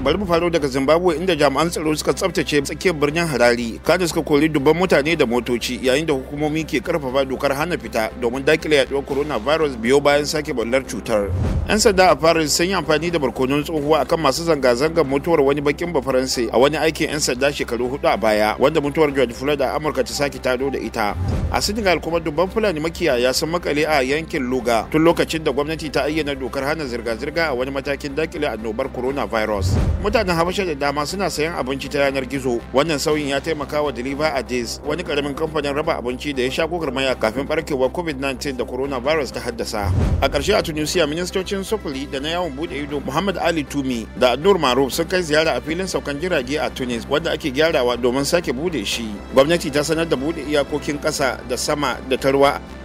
bari mu faro daga zimbabwe inda jami'an tsaro suka tsabtace tsakiyar birnin harare kada suka kori dubban mutane da motoci yayin da hukumomi ke karfafa dokar hana fita domin dakile yaduwar coronavirus biyo bayan sake ballar cutar yan sanda a paris sun yi amfani da barkonon tsohuwa akan masu zanga-zangar mutuwar wani bakin bafaransi a wani aikin yan sanda shekaru hudu a baya wanda mutuwar george floyd a amurka ta sake tado da ita a senegal kuma dubban fulani makiyaya sun makale a yankin luga tun lokacin da gwamnati ta ayyana dokar hana zirga-zirga a wani matakin dakile annobar coronavirus mutanen habasha da dama suna sayan abinci ta yanar gizo wannan sauyin ya taimaka wa deliver a days wani karamin kamfanin raba abinci da ya sha gwagwarmaya kafin barkewar covid-19 da coronavirus ta haddasa a ƙarshe a tunisia ministocin sufuri da na yawon bude ido muhammad ali tumi da nur maruf sun kai ziyara a filin saukan jirage a tunis wanda ake gyarawa domin sake bude shi gwamnati ta sanar da bude iyakokin ƙasa da sama da ta ruwa